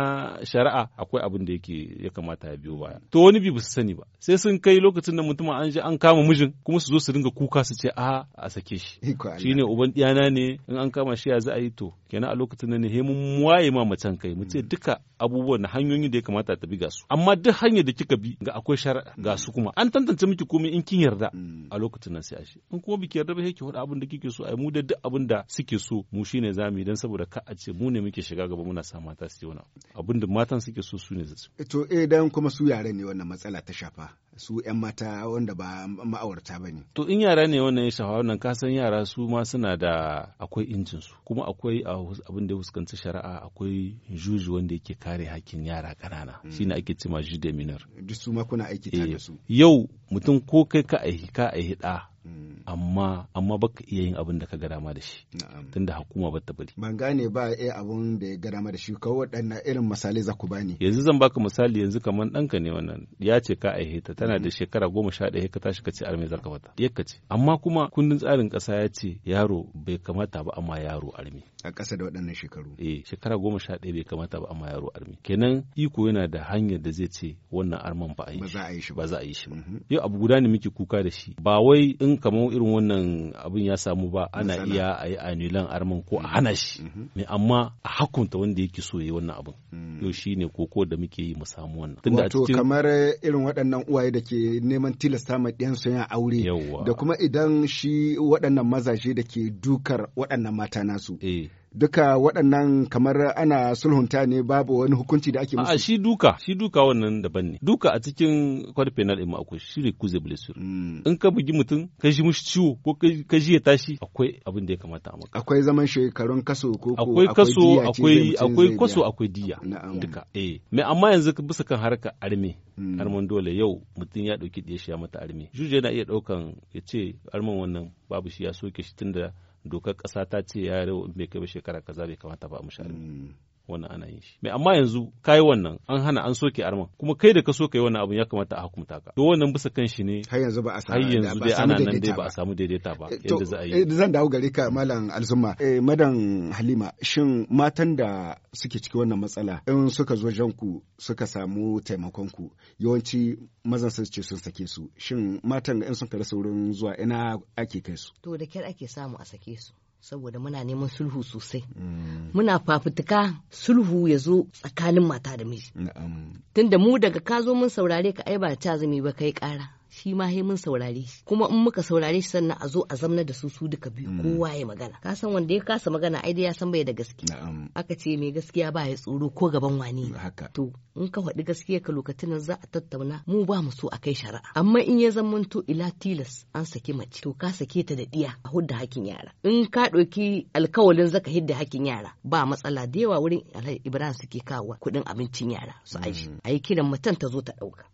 shari'a akwai abin da yake ya kamata ya biyo baya to wani bi ba sani ba sai sun kai lokacin da mutum an ji an kama mijin kuma su zo su dinga kuka su ce a a sake shi shine uban diyana ne in an kama shi ya za a yi to kenan a lokacin nan ne mun waye ma macen kai mu ce mm. duka abubuwan na hanyoyin da ya kamata ta bi ga su amma duk hanyar da kika bi ga akwai shari'a ga su kuma an tantance miki komai in kin yarda Mm. a lokacin nan sai a shi in kuma biki yarda ba yake faɗa abin da kike so ai mu da duk abin da suke so mu shine zamu yi dan saboda ka a ce mu ne muke shiga gaba muna sa mata su yi wani abin da matan suke so su ne su to eh dan kuma su yare ne wannan matsala ta shafa su 'yan mata wanda ba ma'aurata ba ne. To in yara ne wannan ya shafa wannan kasan yara su ma suna da akwai injin su kuma akwai abin da ya fuskanci shari'a akwai juji wanda yake kare hakkin yara ƙanana mm. shi ne ake ce ma da minor. Duk su ma kuna aiki tare da eh, su. Yau mutum ko kai ka aiki ka aihi ɗa Mm. amma amma baka iya yin abin da ka ga dama da shi tunda hukuma ba ta bari ban gane ba iya eh, abin da ya ga dama da shi ko waɗannan irin misali za ku bani yanzu zan baka misali yanzu kamar ɗanka ne wannan ya ce ka aihe ta tana da mm-hmm. shekara goma sha ɗaya ka tashi ka ce arme za ka ya ka ce amma kuma kundin tsarin ƙasa ya ce yaro bai kamata ba amma yaro arme a ƙasa da waɗannan shekaru eh shekara goma sha ɗaya bai kamata ba amma yaro arme kenan iko yana da hanyar da zai ce wannan arman ba a yi shi ba za a yi shi ba mm-hmm. yau abu guda ne muke kuka da shi ba wai in in kamar irin wannan abin ya samu ba ana iya a yi anilan arman ko a mm. hana shi ne mm-hmm. amma a hakunta wanda yake so ya yi wannan abin mm. yau shi ne koko da muke yi mu samu wannan wato kamar irin waɗannan uwaye da ke neman tilasta ma ɗiyan yin aure da kuma idan shi waɗannan mazaje da ke dukar waɗannan mata nasu eh. duka waɗannan kamar ana sulhunta ne babu wani hukunci da ake musu. A shi duka, shi duka wannan daban ne. Duka a cikin kwad penal ɗin akwai shi recuse blessure. Hmm. In ka bugi mutum, ka ji mushi ciwo ko ka ji ya tashi akwai abin da ya kamata a maka. Akwai zaman shekarun kaso ko akwai kaso akwai akwai kaso akwai diya duka. Eh, me amma yanzu bisa kan harka arme. Hmm. Arman dole yau mutum ya ɗauki ɗaya shi ya mata arme. Juje yana iya ɗaukan ya ce arman wannan babu shi ya soke shi tunda dokar ƙasa ta ce yaro in bai kai ba shekara kaza bai kamata ba a wannan ana yin shi mai amma yanzu kai wannan an hana an soke arman kuma kai da ka so kai wannan abun ya kamata a hukunta ka to wannan bisa kan shi ne har yanzu ba a samu yanzu dai ana nan dai ba a samu daidaita ba eh, yadda za a yi eh, zan dawo gare ka malam alzumma eh, madan halima shin matan da suke ciki wannan matsala in suka zo janku suka samu taimakon ku yawanci mazan sun ce sun sake su shin matan in sun rasa wurin zuwa ina ake kai su to da kyar ake samu a sake su saboda muna neman sulhu sosai mm. muna fafutuka sulhu ya zo tsakanin mata da miji tunda mu daga ka zo mun saurare ka ai ba ta zumi ba kai kara shi ma he mun saurare shi kuma in muka saurare shi sannan a zo a zamna da su su duka biyu mm. kowa ya magana ka san wanda ya kasa magana ai ya san bai da gaskiya aka ce mai gaskiya ba ya tsoro ko gaban wani to in ka faɗi gaskiya ka lokacin nan za a tattauna mu ba mu so a kai shari'a amma in ya zama to ila tilas an saki mace to ka sake ta da diya a hudda hakin yara in ka ɗauki alkawalin zaka hidda hakin yara ba matsala da yawa wurin alhaji ibrahim suke kawo kuɗin abincin yara su aji mm. a yi kiran mutum ta zo ta ɗauka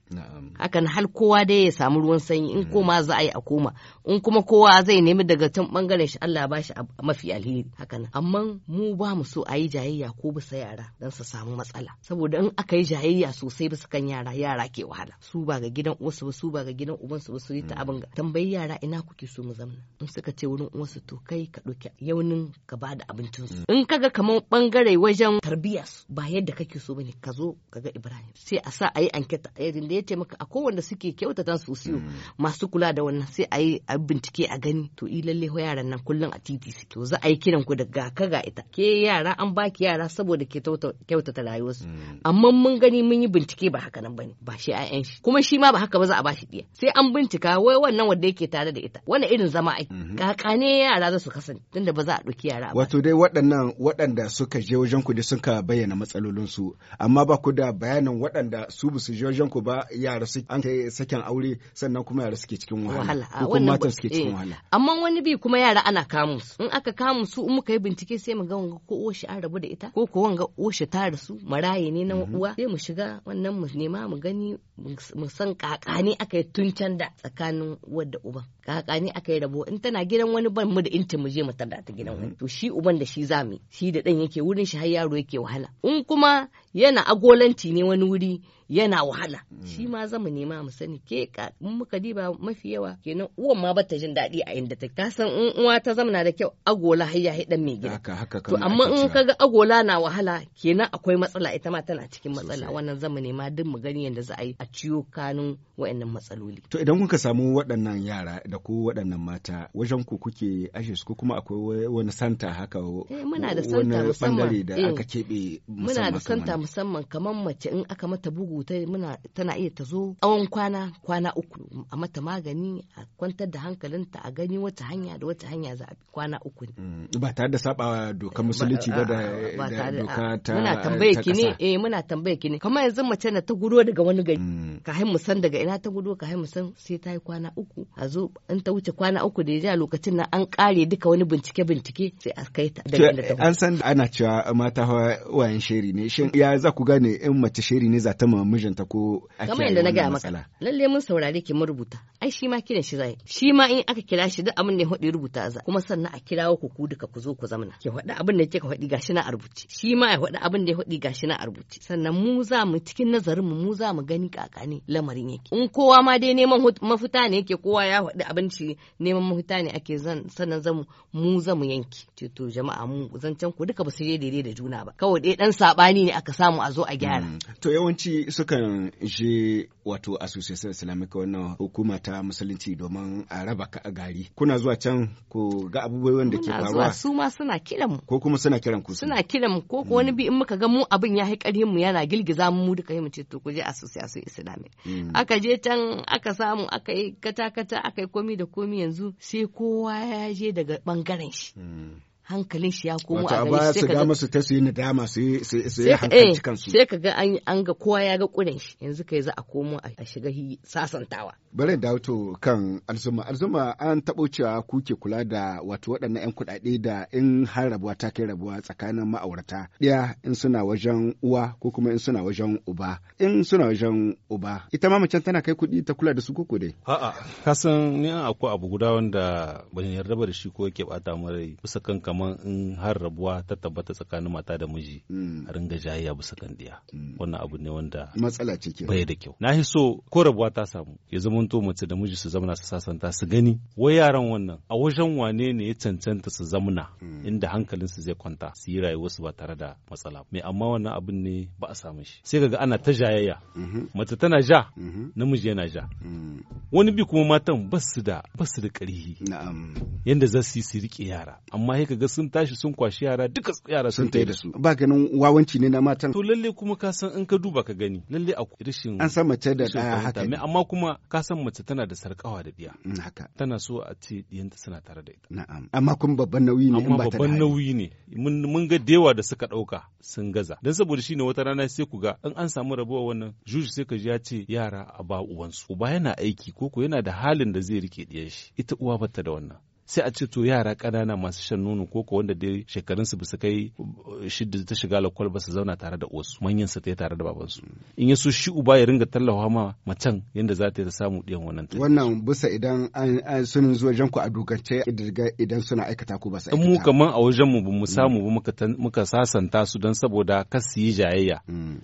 hakan har kowa dai ya samu samu ruwan sanyi in mm. koma za a yi a koma in kuma kowa zai nemi daga can bangaren shi Allah ba shi mafi alheri hakan amma mu ba mu so a yi jayayya ko bisa yara dan su samu matsala saboda in aka yi jayayya sosai bisa kan yara yara ke wahala su ba ga gidan uwansu ba su ba ga gidan ubansu ba su yi ta mm. abin tambayi yara ina kuke so mu zamna in suka ce wurin uwansu to kai ka ɗauki yaunin ka ba da abincinsu mm. in kaga kamar bangare wajen tarbiyya su ba yadda kake so bane ka zo ka ga Ibrahim sai a sa a yi anketa da ya ce maka a kowanne suke kyautata su siyo mm. masu kula da wannan sai a yi a bincike a gani to i lalle yaran nan kullum a titi su to za a yi kiran ku ga ka ga ita ke yara an baki yara saboda ke kyautata rayuwarsu mm. amma mun gani mun yi bincike ba haka nan bane ba shi yan shi kuma shi ma ba haka ba za a bashi diya sai an bincika wai wannan wanda yake tare da ita wannan irin zama ai mm-hmm. ne yara za su kasance tunda ba za a ɗauki yara ba wato dai waɗannan waɗanda suka je wajen ku sun suka bayyana matsalolinsu amma ba ku da bayanin waɗanda su ba su je wajen ku ba yara su an kai sakin aure sannan kuma yara suke cikin wahala ko kuma matan suke cikin eh. wahala amma wani bi kuma yara ana kamun su in aka kamun su in muka yi bincike sai mu ga wanga ko oshi an rabu da ita ko ko wanga oshi ta rasu maraye ne na mhm. uwa sai mu shiga wannan mu nema mu gani mu san kakani aka yi tun can da tsakanin wadda uban kakani aka yi rabo in tana gidan wani ban mu da inta mu je mu tada ta gidan wani mm-hmm. to shi uban da shi zamu shi da dan yake wurin shi har yaro yake wahala in kuma yana agolanti ne wani wuri yana wahala mm. shi ma zamu nema mu sani ke ka in muka diba mafi yawa kenan uwan ma bata jin daɗi a inda ta ka san in uwa ta zamana da kyau agola har ya dan mai gida to amma in ga agola na wahala kenan akwai matsala ita ma tana cikin matsala wannan zamu nema duk mu gani yanda za a yi a ciyo kanun waɗannan matsaloli to idan kuka samu waɗannan yara da ku waɗannan mata wajen ku kuke ashe su kuma akwai wani santa haka eh, muna da santa musamman da aka eh, keɓe muna da santa musamman kamar mace in aka mata bugu ta muna tana iya ta zo tsawon kwana kwana uku a mata magani a kwantar da hankalinta a gani wata hanya da wata hanya za a kwana uku mm, ba tare da saba doka eh, musulunci ba da doka ta muna tambaye ki ne eh muna tambaye ki ne kamar yanzu mace na ta gudo daga wani gari mm. ka mu san daga ina ta gudo ka mu san sai ta yi kwana uku a zo in ta wuce kwana uku da ya lokacin nan an kare duka wani bincike bincike sai a kai ta an san ana cewa mata wayan shiri ne shin ya za ku gane in mace shiri ne za ta ma mijinta ko a kamar yadda na gaya maka lalle mun saurare ki mun rubuta ai shi ma kiran shi zai shi ma in aka kira shi duk abin da ya hudi rubuta za kuma sannan a kirawo ku ku duka ku zo ku zamana ke hudi abin da kika hudi gashi na a rubuce shi ma ya hudi abin da ya hudi gashi na a rubuce sannan mu za mu cikin nazarin mu mu za mu gani ne lamarin yake in kowa ma dai neman mafuta ne yake kowa ya hudi abin bambanci neman mahita ne ake zan sannan zamu mu zamu yanki to jama'a mu zancen ku duka ba su daidai da juna ba kawai dai dan sabani ne aka samu a zo a gyara mm. to yawanci sukan je wato association islamic wannan hukuma ta musulunci domin a raba ka a gari kuna zuwa can ko ga abubuwan da ke faruwa su ma suna kiran mu ko kuma suna kiran ku suna kiran mu ko ko wani mm. bi in muka ga mu abin ya haƙari mu yana girgiza mu mu duka mu ce to ku je association islamic mm. aka je can aka samu aka yi kata kata aka yi komi da komi yanzu sai kowa ya je daga bangaren shi hmm. hankalin shi ya komo a gari sai ka musu ta su yi nadama su su yi hankalci eh, kansu sai ka ga an ga kowa ya ga kuren shi yanzu kai za a komo a shiga sasantawa bari da wato kan alzuma alzuma an tabo cewa kuke kula da wato waɗannan yan kuɗaɗe da in har rabuwa ta kai rabuwa tsakanin ma'aurata ɗaya in suna wajen uwa ko kuma in suna wajen uba in suna wajen uba ita ma macen tana kai kuɗi ta kula da su koko dai a'a kasan ni akwai abu guda wanda ban yarda ba da shi ko yake bata mu rai bisa kan kamar kamar in har rabuwa ta tabbata tsakanin mata da miji mm. a ringa jayayya bisa kandiya diya mm. wannan abu ne wanda matsala ce ke bai da kyau na hi so ko rabuwa ta samu ya zama to mace da miji su zamana su sasanta su gani wai yaran wannan a wajen wane ne ya cancanta su zamana mm. inda hankalin su zai kwanta su yi su ba tare da matsala mai amma wannan abin ne ba a samu shi sai kaga ana ta jayayya mm-hmm. mace tana ja mm-hmm. namiji yana ja wani bi kuma matan basu da basu da ƙarfi yanda za su yi su riƙe yara amma sai kaga sun tashi sun kwashi yara duka yara sun tai da su ba ganin wawanci ne na matan to lalle kuma ka san in ka duba ka gani lalle a rishin an san mace da da haka ne amma kuma ka san mace tana da sarkawa da biya mm, haka tana so a ce diyanta suna tare da ita na'am amma kuma babban nauyi ne amma babban nauyi ne mun ga dewa da suka dauka sun gaza dan saboda shine wata rana sai ku ga in an samu rabuwa wannan juju sai ka ji ya ce yara a ba uwansu uba yana aiki koko yana da halin da zai rike diyan shi ita uwa bata da wannan sai a ce to yara ƙanana masu shan nono ko ko wanda dai shekarun su bisa kai uh, shidda ta shiga lakwal ba su zauna tare da wasu manyan su ta tare da babansu in ya so shi uba ya ringa tallafa ma macen yadda za ta samu ɗiyan wannan wannan bisa idan an sun zuwa ku a dogance idan suna aikata ko ba su aikata mu kaman a wajen mu ba mu mm. samu ba muka sasanta su don saboda kas su yi jayayya mm.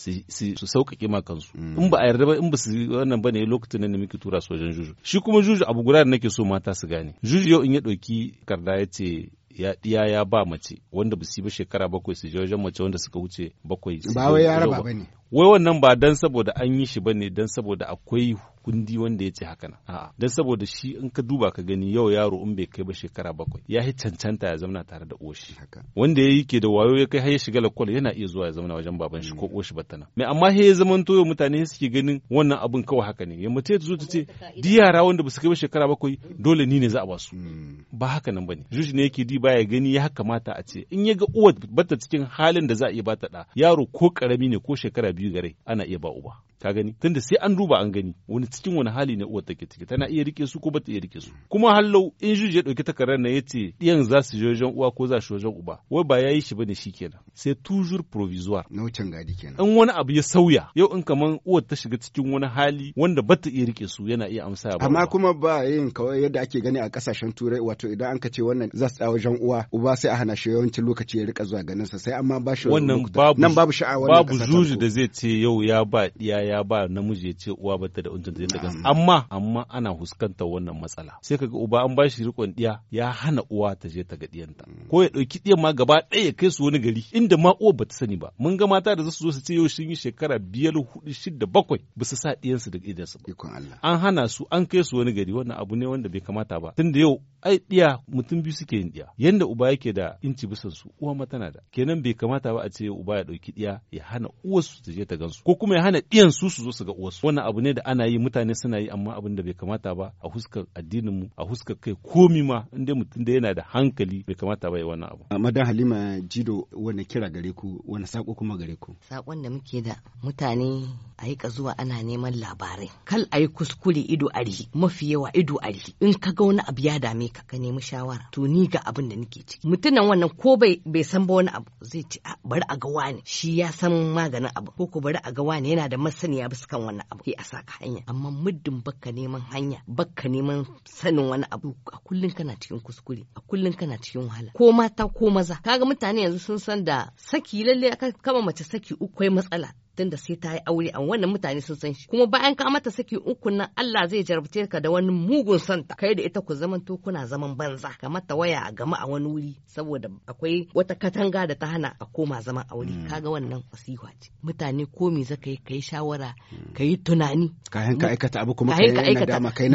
su sauƙaƙe ma kansu mm. in ba a yarda ba in ba su wannan bane lokacin da muke tura su wajen juju shi kuma juju abu guda da nake so mata su gane juju yau in ya ɗauki kwanaki karda ya ce ya ɗiya ya ba mace wanda ba su ba shekara bakwai su je wajen mace wanda suka wuce bakwai ba wai ya raba ne wai wannan ba dan saboda an yi shi bane dan saboda akwai kundi wanda ya ce haka nan a'a dan saboda shi in ka duba ka gani yau yaro in bai kai ba shekara bakwai ya yi cancanta ya zauna tare da oshi wanda ya yi ke da wayo ya kai har ya shiga lakwal yana iya zuwa ya zauna wajen baban shi mm. ko oshi tana mai amma he ya zaman toyo mutane suke ganin wannan abun kawai haka ne ya mace zo ta ce di yara wanda ba su kai ba shekara bakwai dole ni ne za a ba su mm. ba haka nan bane juji ne yake di baya gani ya kamata a ce in ya ga uwa bata cikin halin da za a iya bata da yaro ko karami ne ko shekara biyu gare ana iya ba uba ka gani tunda sai an duba an gani wani cikin wani hali ne uwar take ciki tana iya rike su ko bata iya rike su kuma hallau in juji ya dauki takarar na yace diyan za su je wajen uwa ko za su wajen uba wai ba yayi shi bane shikenan sai toujours provisoire na wucin gadi kenan in wani abu ya sauya yau in kaman uwar ta shiga cikin wani hali wanda bata iya rike su yana iya amsa ba amma kuma ba yin kawai yadda ake gani a kasashen turai wato idan an ka ce wannan za su wajen uwa uba sai a hana shi yawancin lokaci ya rika zuwa ganin sa sai amma ba shi wannan babu nan babu babu juji da zai ce yau ya ba diya ya ba namiji ya ce uwa bata da unjin zai daga amma amma ana fuskantar wannan matsala sai kaga uba an bashi rikon diya ya hana uwa ta je ta ga diyanta mm. ko ya dauki diyan ma gaba ɗaya ya kai su wani gari inda ma uwa bata sani ba mun ga mata da zasu zo su ce yau sun yi shekara biyar hudu shida bakwai ba su sa diyansu da idansu ba an hana su an kai su wani gari wannan abu ne wanda bai kamata ba tunda yau ai ɗiya mutum biyu suke yin ɗiya yanda uba yake da inci bisan su uwa ma tana da kenan bai kamata ba a ce uba ya ɗauki ɗiya ya hana uwarsu ta je ta gansu ko kuma ya hana ɗiyan su su zo su ga uwarsu wannan abu ne da ana yi mutane suna yi amma abin da bai kamata ba a huskar addinin mu a huskar kai komi ma inda mutum da yana da hankali bai kamata ba ya wannan abu. Madan Halima Jido wani kira gare ku wani sako kuma gare ku. Sakon da muke da mutane a yi zuwa ana neman labarai kal a yi kuskure ido a mafi yawa ido a in ka ga wani abu ya dame ka ka nemi shawara to ni ga abin da nake ciki mutumin wannan ko bai bai san ba wani abu zai ce ah, bari a ga wani shi ya san maganin abu ko ko bari a ga wani yana da masaniya bisa kan wannan abu ke a saka hanya amma muddin baka neman hanya baka neman sanin wani abu a kullun kana cikin kuskure a kullun kana cikin wahala ko mata ko maza kaga mutane yanzu sun san da saki lalle kama mace saki uku matsala tun da sai ta yi aure a wannan mutane sun san shi kuma bayan ka mata saki uku nan Allah zai jarabce ka da wani mugun santa kai da ita ku zaman to kuna zaman banza ka mata waya a gama a wani wuri saboda akwai wata katanga da ta hana a koma zaman aure hmm. kaga wannan fasiha ce mutane ko me zaka yi kai shawara hmm. kai tunani kayan ka aikata abu kuma kai na dama kai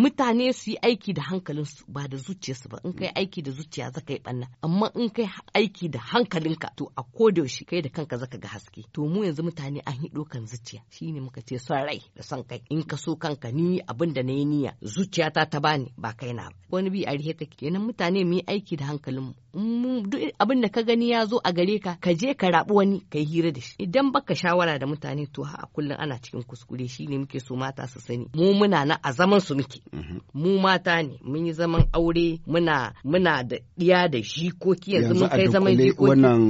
mutane su yi aiki da hankalin su ba da zuciyarsu ba in kai hmm. aiki da zuciya zaka yi banna amma in kai aiki da hankalinka to a koda yaushe kai da kanka zaka ga haske to mu yanzu mutane mutane an yi dokan zuciya shine muka ce son rai da son kai in ka so kanka ni abin da na niyya zuciyata ta bani ba kai na ba wani bi a rihe take kenan mutane mu yi aiki da hankalinmu duk abin da ka gani ya zo a gare ka ka je ka rabu wani ka yi hira da shi idan baka shawara da mutane to a kullum ana cikin kuskure shine muke so mata su sani mu muna na a zaman su muke mhm. mu mata ne mun yi zaman aure muna muna da diya da jikoki yanzu mun kai zaman jikoki wannan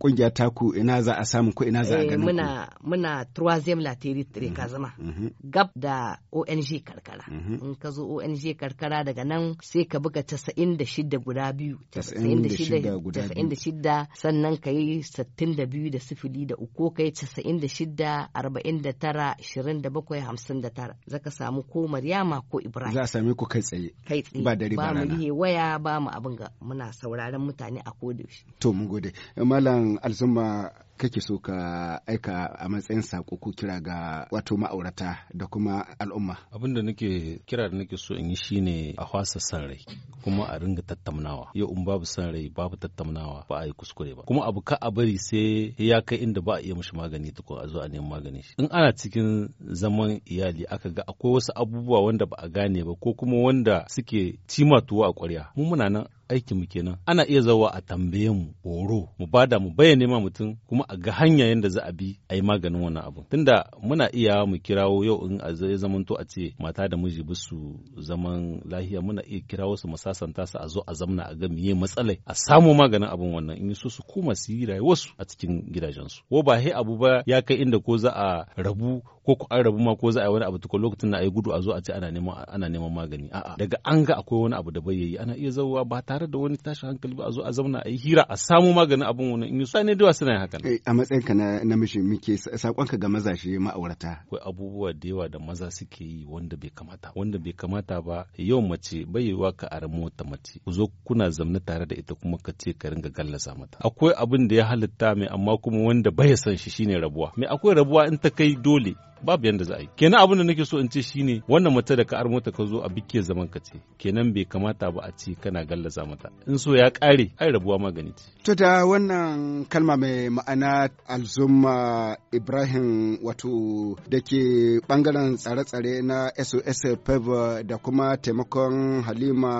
kungiya taku ina za a samu ko ina za a eh, ganin muna muna troisième la territoire mhm. ka zama mhm. gab da ONG karkara mhm. in ka zo ONG karkara daga nan sai ka buga 96 guda biyu 96 sannan ka yi 62 da sifili da uku kai 96 49 27 59 zaka samu ko Maryama ko Ibrahim za a same ku kai tsaye kai tsaye ba dare ba rana ba waya ba mu abin ga muna sauraron mutane a kodayaushe to mu gode malam alzuma kake so ka aika a matsayin sako ko kira ga wato ma'aurata da kuma al'umma abin da nake kira da nake so in yi shine a hwasa san rai kuma a ringa tattaunawa yau in babu san rai babu tattaunawa ba a yi kuskure ba kuma abu ka a bari sai ya kai inda ba a iya mishi magani tukun a zo a neman magani shi in ana cikin zaman iyali aka ga akwai wasu abubuwa wanda ba a gane ba ko kuma wanda suke cimatuwa a ƙwarya mu muna nan aikin mu kenan ana iya zawa a tambaye mu horo mu bada mu bayyane ma mutum kuma a ga hanya yanda za a bi a yi maganin wannan abu tunda muna iya mu kirawo yau in a zai zamanto a ce mata da miji ba su zaman lahiya muna iya kirawo su masasanta su a zo a zamna a ga miye matsalai a samu maganin abin wannan in so su koma su yi rayuwarsu a cikin gidajensu ko ba he abu ba ya kai inda ko za a rabu ko ku an rabu ma ko za a yi wani abu tukun lokacin na a yi gudu a zo a ce ana neman magani a'a daga an ga akwai wani abu da bai yi ana iya zawa ba tare tare da wani tashin hankali ba a zo a zauna a yi hira a samo maganin abin wani in sa ne da suna yin hakan eh, a matsayinka na namiji muke sakonka ga maza shi ma'aurata akwai abubuwa da yawa da maza suke yi wanda bai kamata wanda bai kamata ba yau mace bai yiwuwa ka a wata mace ku zo kuna zamna tare da ita kuma ka ce ka ringa gallasa mata akwai abin da ya halitta mai amma kuma wanda bai san shi shine rabuwa mai akwai rabuwa in ta kai dole babu yanda za a yi kenan abin da nake so in ce shine wannan mace da ka armo ta ka zo a bike zaman ka ce kenan bai kamata ba a ce kana gallaza mata in so ya kare ai rabuwa magani ce to da wannan kalma mai ma'ana alzumma ibrahim wato da ke bangaren tsare-tsare na sos fever da kuma taimakon halima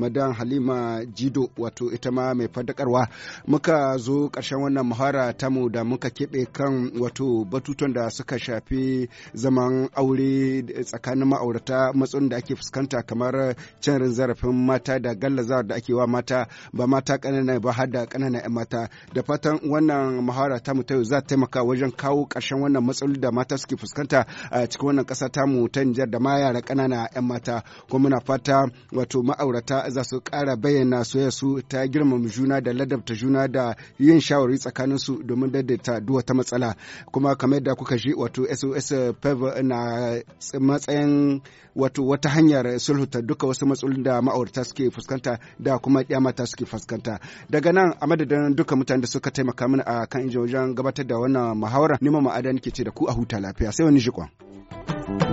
madan halima jido wato ita ma mai fadakarwa muka zo ƙarshen wannan muhara tamu da muka keɓe kan wato batutun da suka shafi zaman aure tsakanin ma'aurata matsalolin da ake fuskanta kamar cin zarafin mata da gallazawa da ake wa mata ba mata kanana ba har da kanana 'yan mata da fatan wannan muhawara ta mu ta yau za ta taimaka wajen kawo ƙarshen wannan matsaloli da mata suke fuskanta a cikin wannan ƙasa ta mu ta Nijar da ma yara kanana 'yan mata kuma muna fata wato ma'aurata za su ƙara bayyana soyayya su ta girmama juna da ladabta juna da yin shawari tsakanin su domin daidaita duwata matsala kuma kamar yadda kuka ji wato SOS pev na matsayin wato wata hanyar sulhuta duka wasu matsalolin da ma'aurata suke fuskanta da kuma ya mata suke fuskanta daga nan a madadin duka mutane da suka taimaka mana a kan wajen gabatar da wannan muhawara nima ma'adani ke ce da ku a huta lafiya sai wani jikon.